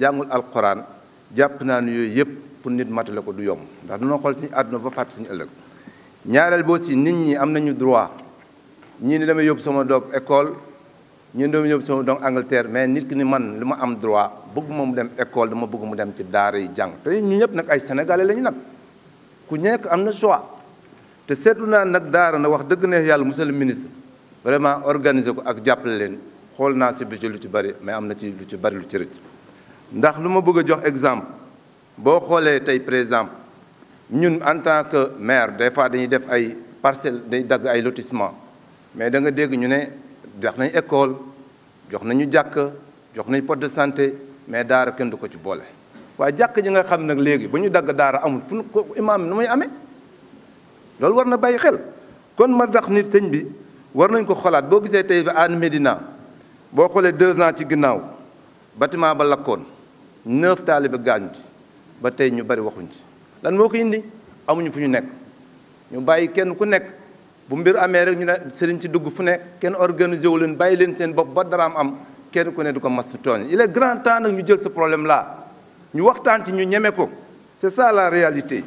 jàngul alquran jàpp naa ne yooyu yëpp pour nit matale ko du yomb ndax dañoo xool ci àdduna ba fàtte suñu ëllëg ñaareel boo si nit ñi am nañu droit ñii ni damay yóbbu sama doom école ñii damay yóbbu sama doom Angleterre mais nit ki ni man li ma am droit bëgg mu dem école dama bëgg mu dem ci daara yi jàng te ñu ñëpp nag ay sénégalais lañu nag ku nekk am na choix te seetlu naa nag daara na wax dëgg neex yàlla monsieur le ministre vraiment organiser ko ak jàppale leen xool naa si bi ci bari mais am na ci lu ci bari lu ci rëcc ndax lu ma bëgg a jox exemple boo xoolee tey par exemple ñun en tant que maire des fois dañuy def ay parcelle day dagg ay lotissement mais da nga dégg ñu ne jox nañ école jox nañu jàkk jox nañ pot de santé mais daara kenn du ko ci boole waaye jàkk ji nga xam nag léegi ba ñu dagg daara amul fu ko imaam nu muy amee loolu war na bàyyi xel kon ma dax ni sëñ bi war nañ ko xalaat boo gisee tey Hann Médina boo xoolee deux ans ci ginnaaw bâtiment ba lakkoon neuf taalibe gaañu ci ba tey ñu bari waxuñ ci lan moo ko indi amuñu fu ñu nekk ñu bàyyi kenn ku nekk bu mbir amee rek ñu ne sëriñ ci dugg fu nekk kenn organisé wu leen bàyyi leen seen bopp ba dara am am kenn ku ne du ko mas tooñ il est grand temps nag ñu jël sa problème la ñu waxtaan ci ñu ñeme ko c'est ça la réalité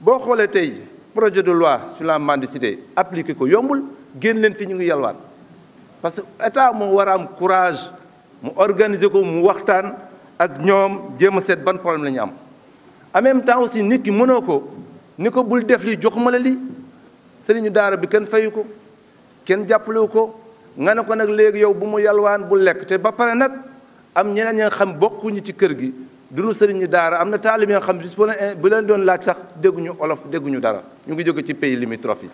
boo xoolee tey projet de loi sur la mendicité appliqué ko yombul génn leen fii ñu ngi yalwaan parce que état war a am courage mu organiser ko mu waxtaan ak ñoom jéem a seet ban problème la am en même temps aussi nit ki mënoo ko ni ko bul def li joxuma la li sëriñu daara bi kenn fayu ko kenn jàppalewu ko nga ne ko nag léegi yow bu mu yalwaan bu lekk te ba pare nag am ñeneen ña xam bokkuñu ci kër gi duñu sëriñu daara am na taalib yi nga xam bis bu leen doon laaj sax dégguñu olof dégguñu dara ñu ngi jóge ci pays limitrophes yi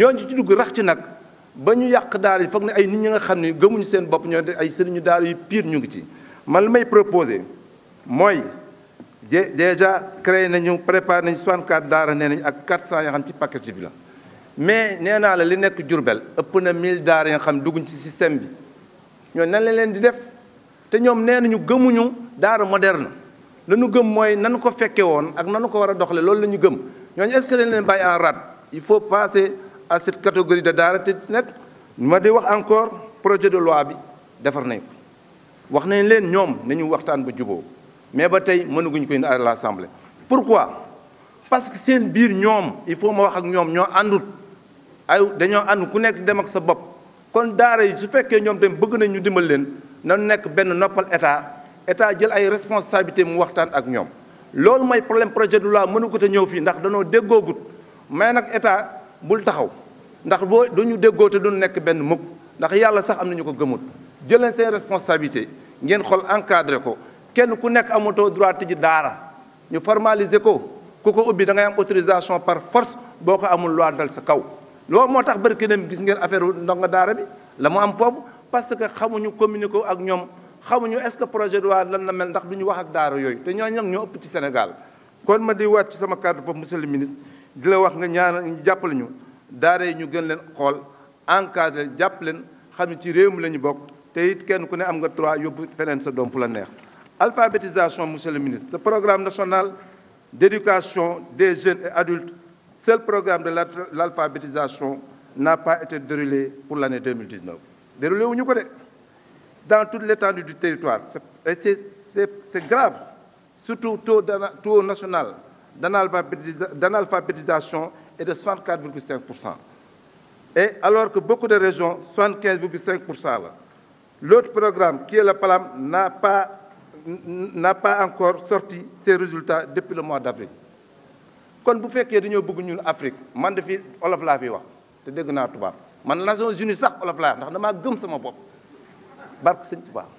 ñooñu ci dugg rax ci nag ba ñu yàq daara yi foog ne ay nit ñu nga xam ne gëmuñu seen bopp ñoo de ay sëriñu daara yu pire ñu ngi ci man li may proposé mooy déjà créé nañu préparé nañu 64 daara nee ak 400 yoo xam ci paquet ci bi la mais néna la li nek Jurbel ëpp na 1000 daara yoo xam dugguñ ci système bi ñoo nan la leen di def té ñom nee gëmuñu daara moderne lañu gëm moy nanu ko féké won ak nanu ko wara doxlé loolu lañu gëm ñoo est-ce que dañ leen bàyyi en rat il faut passer à cette catégorie de daara té nag ma di wax encore projet de loi bi defar nañ wax nañ leen ñoom nañu waxtaan ba juboo mais ba tey mënaguñ ko indi à l'Assemblée pourquoi parce que seen biir ñoom il faut ma wax ak ñoom ñoo àndut ay dañoo ànd ku nekk dem ak sa bopp kon daara yi su fekkee ñoom tamit bëgg nañ ñu dimbal leen na nekk benn noppal état état jël ay responsabilité mu waxtaan ak ñoom loolu mooy problème projet du loi mënu ko te ñëw fii ndax danoo déggoogut mais nag état bul taxaw ndax boo duñu déggoo te duñu nekk benn mukk ndax yàlla sax am na ko gëmut jël leen seen responsabilité ngeen xool encadré ko kenn ku nekk amatoo droit tëj daara ñu formaliser ko ku ko ubbi da am autorisation par force boo ko amul loi dal sa kaw loolu moo tax barki dem gis ngeen affaire ndongo daara bi la mu am foofu parce que xamuñu communiquer ak ñoom xamuñu est-ce que projet de loi lan la mel ndax du ñu wax ak daara yooyu te ñoo nag ñoo ëpp ci Sénégal kon ma di wàcc sama kàddu foofu monsieur le ministre di la wax nga ñaan jàppale ñu daara yi ñu gën leen xool encadré jàpp leen xam ci réew mi la ñu bokk te am nga alphabétisation monsieur le ministre le programme national d'éducation des jeunes et adultes seul programme de l'alphabétisation n'a pas été déroulé pour l'année 2019 déroulé où nous connaissons. dans toute l'étendue du territoire c'est grave surtout taux taux national d'analphabétisation est de 64,5 et alors que beaucoup de régions 75,5 L'autre programme, qui est le PALAM, n'a pas, pas encore sorti ses résultats depuis le mois d'avril. kon bu fekkee dañoo bëgg ñun Afrique man de fii olof laa fi wax te dégg naa tubaab man Nations Unies sax olof laa ndax damaa gëm sama bopp barke sëñ tubaab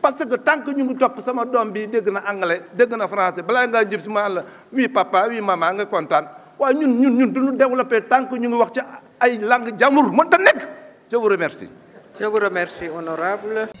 parce que tant que ñu ngi topp sama dom bi dégg na anglais dégg na français balaa nga jëm si la oui papa oui maman nga kontaan wa ñun ñun ñun duñu développer tant que ñu ngi wax ci ay langue jamour mën ta nek je vous remercie Je vous remercie, honorable.